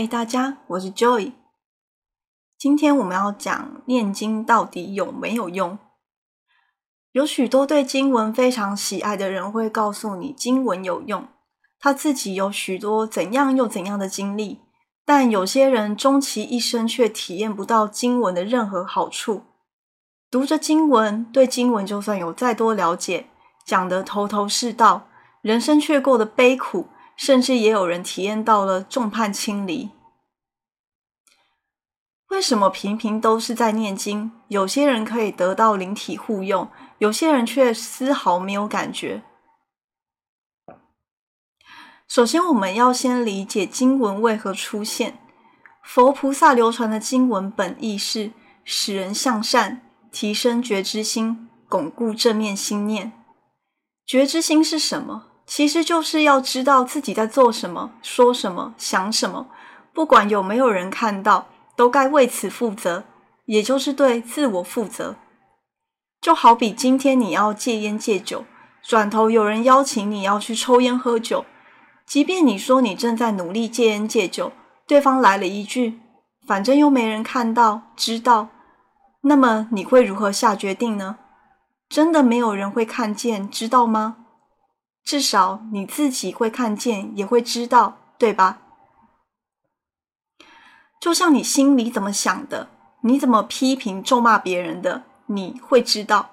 嗨，大家，我是 Joy。今天我們要講念經到底有沒有用？有許多對經文非常喜愛的人會告訴你經文有用，他自己有許多怎樣又怎樣的經歷，但有些人終其一生卻體驗不到經文的任何好處。讀着經文，對經文就算有再多了解，講得頭頭是道，人生卻過得悲苦。甚至也有人體驗到了眾叛親離。為什麼頻頻都是在念經？有些人可以得到靈體護佑，有些人卻絲毫沒有感覺。首先，我們要先理解經文為何出現。佛菩薩流傳的經文本意是使人向善，提升覺知心，鞏固正面心念。覺知心是什麼？其實就是要知道自己在做什麼、說什麼、想什麼，不管有沒有人看到，都該為此負責，也就是對自我負責。就好比今天你要戒煙戒酒，轉頭有人邀請你要去抽煙喝酒，即便你說你正在努力戒煙戒酒，對方來了一句“反正又沒人看到知道”，那麼你會如何下決定呢？真的沒有人會看見知道嗎？至少你自己會看見，也會知道，對吧？就像你心裡怎麼想的，你怎麼批評咒罵別人的，你會知道。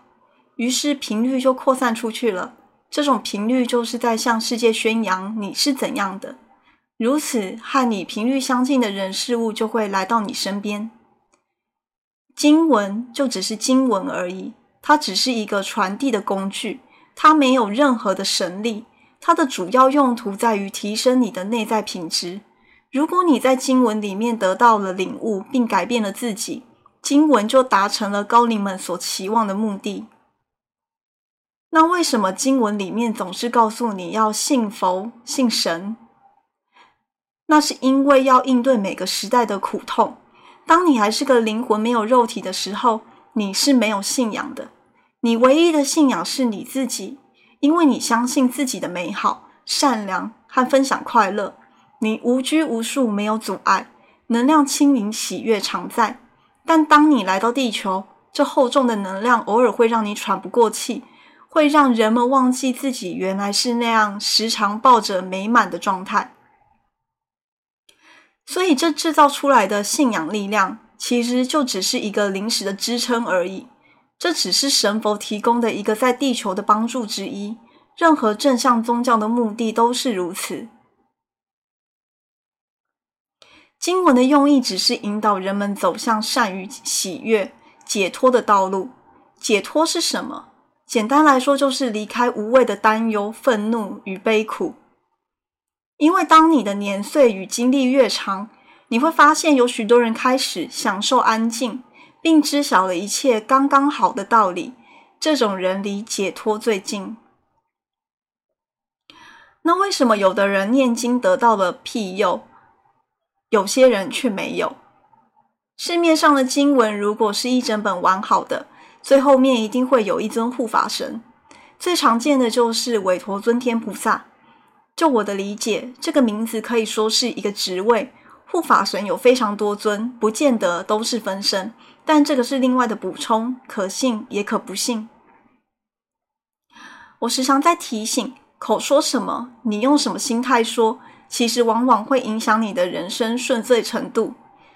於是頻率就擴散出去了。這種頻率就是在向世界宣揚你是怎樣的。如此，和你頻率相近的人事物就會來到你身邊。經文就只是經文而已，它只是一個傳遞的工具。它沒有任何的神力，它的主要用途在於提升你的內在品質。如果你在經文裡面得到了領悟，並改變了自己，經文就達成了高靈們所期望的目的。那為什麼經文裡面總是告訴你要信佛、信神？那是因為要應對每個時代的苦痛。當你還是個靈魂、沒有肉體的時候，你是沒有信仰的。你唯一的信仰是你自己，因為你相信自己的美好、善良和分享快樂。你無拘無束，沒有阻礙，能量清明喜悅常在。但當你來到地球，這厚重的能量偶爾會讓你喘不過氣，會讓人們忘記自己原來是那樣時常抱着美滿的狀態。所以，這制造出來的信仰力量其實就只是一個臨時的支撐而已。這只是神佛提供的一個在地球的幫助之一。任何正向宗教的目的都是如此。經文的用意只是引導人們走向善與喜悅、解脫的道路。解脫是什麼？簡單來說，就是離開無謂的擔憂、憤怒與悲苦。因為當你的年歲與經歷越長，你會發現有許多人開始享受安靜。並知曉了一切剛剛好的道理，這種人離解脫最近。那為什麼有的人念經得到了庇佑，有些人卻沒有？市面上的經文如果是一整本完好的，最後面一定會有一尊護法神，最常見的就是韋陀尊天菩薩。就我的理解，這個名字可以說是一個職位。護法神有非常多尊，不見得都是分身。但這個是另外的補充，可信也可不信。我時常在提醒，口說什麼，你用什麼心態說，其實往往會影響你的人生順遂程度。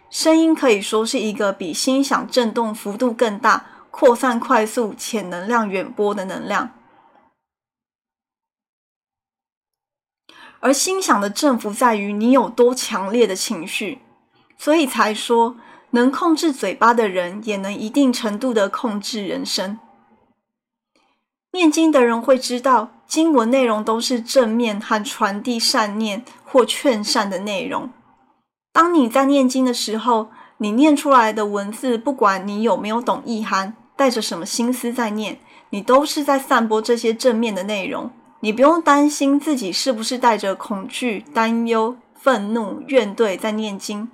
聲音可以說是一個比心想振動幅度更大、擴散快速、且能量遠播的能量，而心想的振幅在於你有多強烈的情緒，所以才說。能控制嘴巴的人，也能一定程度的控制人生。念經的人會知道，經文內容都是正面和傳遞善念或勸善的內容。當你在念經的時候，你念出來的文字，不管你有沒有懂意涵，帶着什麼心思在念，你都是在散播這些正面的內容。你不用擔心自己是不是帶着恐懼、擔憂、憤怒、怨懟在念經。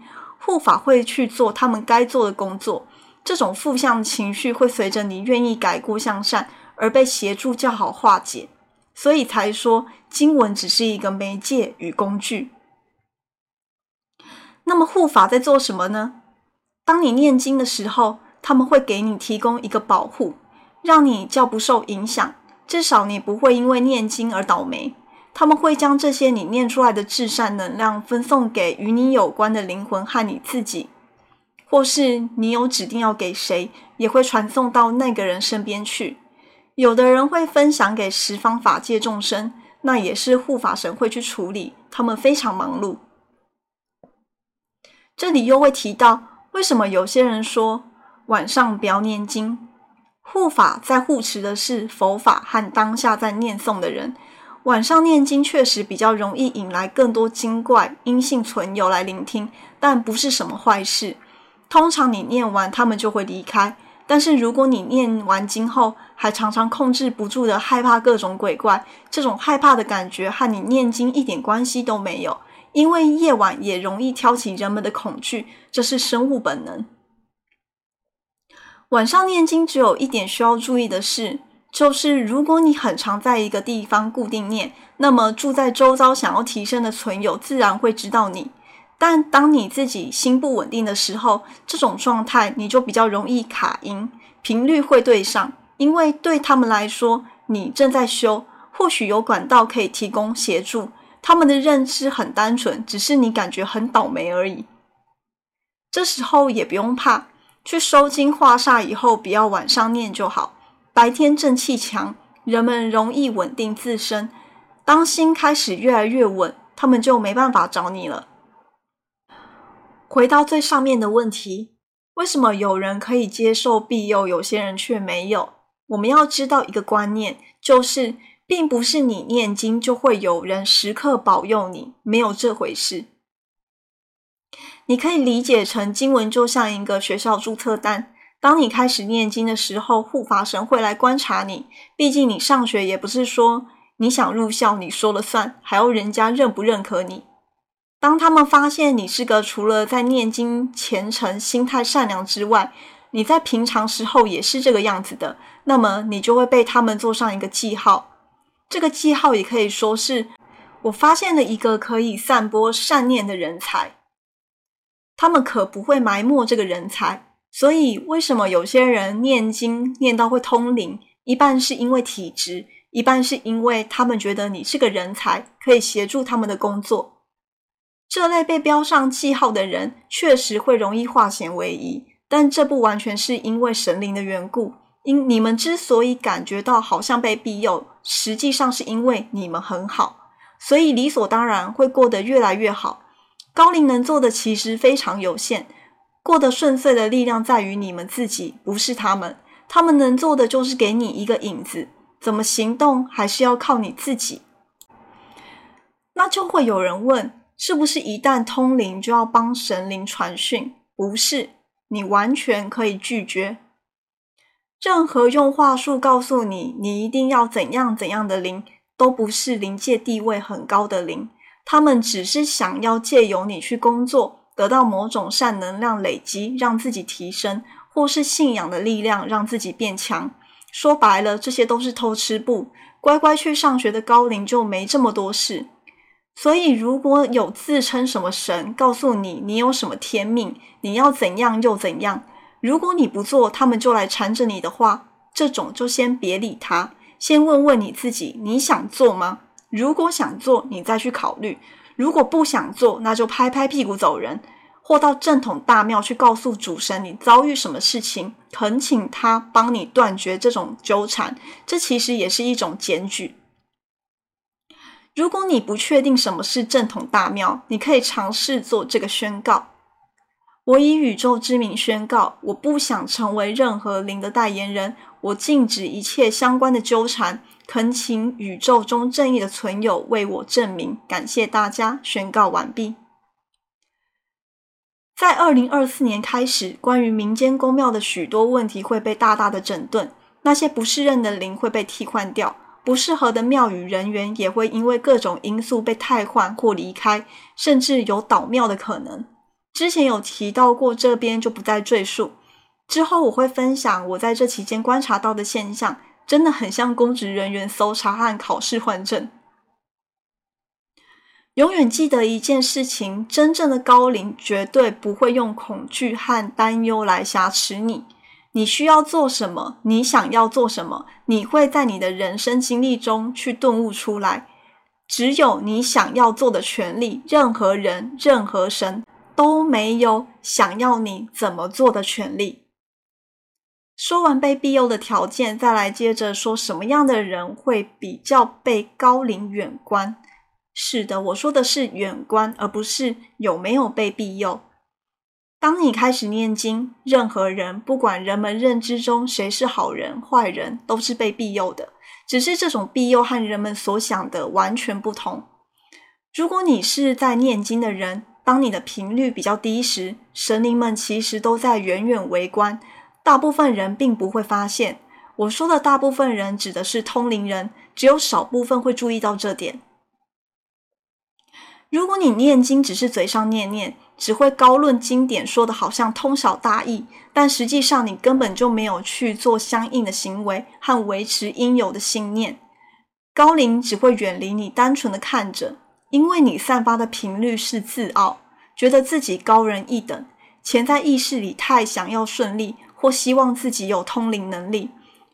護法會去做他們該做的工作，這種負向情緒會隨着你願意改過向善而被協助較好化解，所以才說經文只是一個媒介與工具。那麼護法在做什麼呢？當你念經的時候，他們會給你提供一個保護，讓你較不受影響，至少你不會因為念經而倒霉。他們會將這些你念出來的至善能量分送給與你有關的靈魂和你自己，或是你有指定要給誰，也會傳送到那個人身邊去。有的人會分享給十方法界眾生，那也是護法神會去處理。他們非常忙碌。這裡又會提到，為什麼有些人說晚上不要念經？護法在護持的是佛法和當下在念誦的人。晚上念經確實比較容易引來更多精怪陰性存有來聆聽，但不是什麼壞事。通常你念完他們就會離開。但是如果你念完經後還常常控制不住的害怕各種鬼怪，這種害怕的感覺和你念經一點關係都沒有，因為夜晚也容易挑起人們的恐懼，這是生物本能。晚上念經只有一點需要注意的是。就是如果你很常在一個地方固定念，那麼住在周遭，想要提升的存有自然會知道你。但當你自己心不穩定的時候，這種狀態你就比較容易卡陰，頻率會對上，因為對他們來說你正在修，或許有管道可以提供協助。他們的認知很單純，只是你感覺很倒霉而已。這時候也不用怕，去收驚化煞以後，不要晚上念就好。白天正氣強，人們容易穩定自身。當心開始越來越穩，他們就沒辦法找你了。回到最上面的問題，為什麼有人可以接受庇佑，有些人卻沒有？我們要知道一個觀念，就是並不是你念經就會有人時刻保佑你，沒有這回事。你可以理解成經文就像一個學校註冊單。當你開始念經的時候，護法神會來觀察你。畢竟你上學也不是說你想入校你說了算，還要人家認不認可你。當他們發現你是個除了在念經虔誠、心態善良之外，你在平常時候也是這個樣子的，那麼你就會被他們做上一個記號。這個記號也可以說是，我發現了一個可以散播善念的人才。他們可不會埋沒這個人才。所以，為什麼有些人念經念到會通靈？一半是因為體質，一半是因為他們覺得你是個人才，可以協助他們的工作。這類被標上記號的人，確實會容易化險為夷，但這不完全是因為神靈的緣故。因你們之所以感覺到好像被庇佑，實際上是因為你們很好，所以理所當然會過得越來越好。高靈能做的其實非常有限。過得順遂的力量在於你們自己，不是他們。他們能做的就是給你一個影子，怎麼行動還是要靠你自己。那就會有人問，是不是一旦通靈就要幫神靈傳訊？不是，你完全可以拒絕。任何用話術告訴你，你一定要怎樣怎樣的靈，都不是靈界地位很高的靈，他們只是想要借由你去工作。得到某種善能量累積，讓自己提升，或是信仰的力量讓自己變強。說白了，這些都是偷吃步，乖乖去上學的高齡就沒這麼多事。所以，如果有自稱什麼神，告訴你你有什麼天命，你要怎樣又怎樣，如果你不做，他們就來纏着你的話，這種就先別理他，先問問你自己，你想做嗎？如果想做，你再去考慮。如果不想做，那就拍拍屁股走人，或到正統大廟去告訴主神你遭遇什麼事情，懇請他幫你斷絕這種糾纏。這其實也是一種檢舉。如果你不確定什麼是正統大廟，你可以嘗試做這個宣告。我以宇宙之名宣告，我不想成為任何靈的代言人。我禁止一切相關的糾纏，懇請宇宙中正義的存有為我證明。感謝大家，宣告完畢。在二零二四年開始，關於民間宮廟的許多問題會被大大的整頓，那些不適任的靈會被替換掉，不適合的廟宇人員也會因為各種因素被替換或離開，甚至有倒廟的可能。之前有提到過，這邊就不再贅述。之後我會分享我在這期間觀察到的現象，真的很像公職人員搜查和考試換證。永遠記得一件事情：真正的高靈絕對不會用恐懼和擔憂來挾持你。你需要做什麼？你想要做什麼？你會在你的人生經歷中去頓悟出來。只有你想要做的權利，任何人、任何神。都沒有想要你怎麼做的權利。說完被庇佑的條件，再來接着說什麼樣的人會比較被高靈遠觀？是的，我說的是遠觀，而不是有沒有被庇佑。當你開始念經，任何人，不管人們認知中誰是好人、壞人，都是被庇佑的，只是這種庇佑和人們所想的完全不同。如果你是在念經的人。當你的頻率比較低時，神靈們其實都在遠遠圍觀，大部分人並不會發現。我說的“大部分人”指的是通靈人，只有少部分會注意到這點。如果你念經只是嘴上念念，只會高論經典，說的好像通曉大義，但實際上你根本就沒有去做相應的行為和維持應有的信念。高靈只會遠離你，單純的看着。因為你散發的頻率是自傲，覺得自己高人一等，潛在意識裡太想要順利，或希望自己有通靈能力。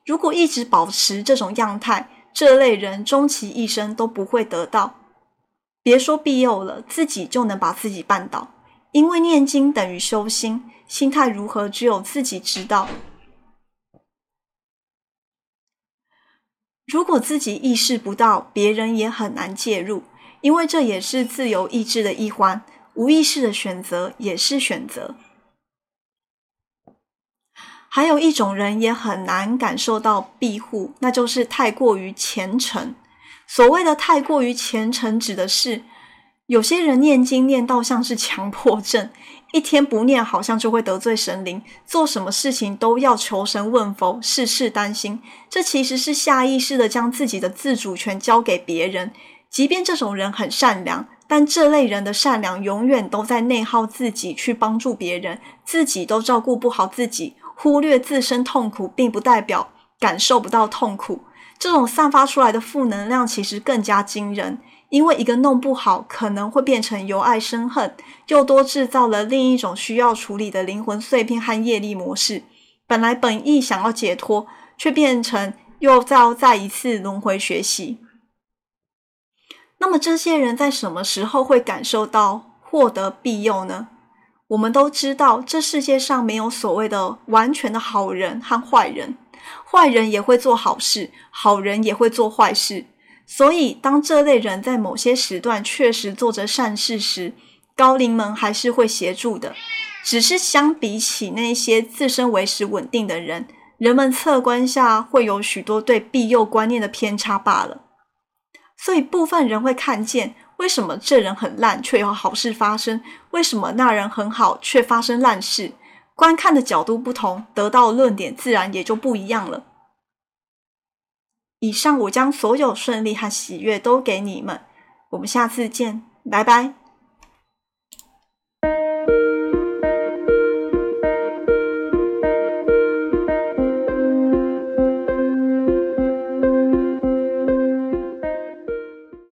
如果一直保持這種樣態，這類人終其一生都不會得到，別說庇佑了，自己就能把自己絆倒。因為念經等於修心，心態如何，只有自己知道。如果自己意識不到，別人也很難介入。因為這也是自由意志的一環，無意識的選擇也是選擇。還有一種人也很難感受到庇護，那就是太過於虔誠。所謂的太過於虔誠，指的是有些人念經念到像是強迫症，一天不念好像就會得罪神靈，做什麼事情都要求神問佛，事事擔心。這其實是下意識的將自己的自主權交給別人。即便這種人很善良，但這類人的善良永遠都在內耗自己去幫助別人，自己都照顧不好自己，忽略自身痛苦，並不代表感受不到痛苦。這種散發出來的負能量其實更加驚人，因為一個弄不好，可能會變成由愛生恨，又多制造了另一種需要處理的靈魂碎片和業力模式。本來本意想要解脫，卻變成又再要再一次輪回學習。那麼這些人在什麼時候會感受到獲得庇佑呢？我們都知道，這世界上沒有所謂的完全的好人和壞人，壞人也會做好事，好人也會做壞事。所以，當這類人在某些時段確實做着善事時，高靈們還是會協助的。只是相比起那些自身維持穩定的人，人們側觀下會有許多對庇佑觀念的偏差罷了。所以部分人會看見，為什麼這人很爛卻有好事發生？為什麼那人很好卻發生爛事？觀看的角度不同，得到的論點自然也就不一樣了。以上，我將所有順利和喜悅都給你們，我們下次見，拜拜。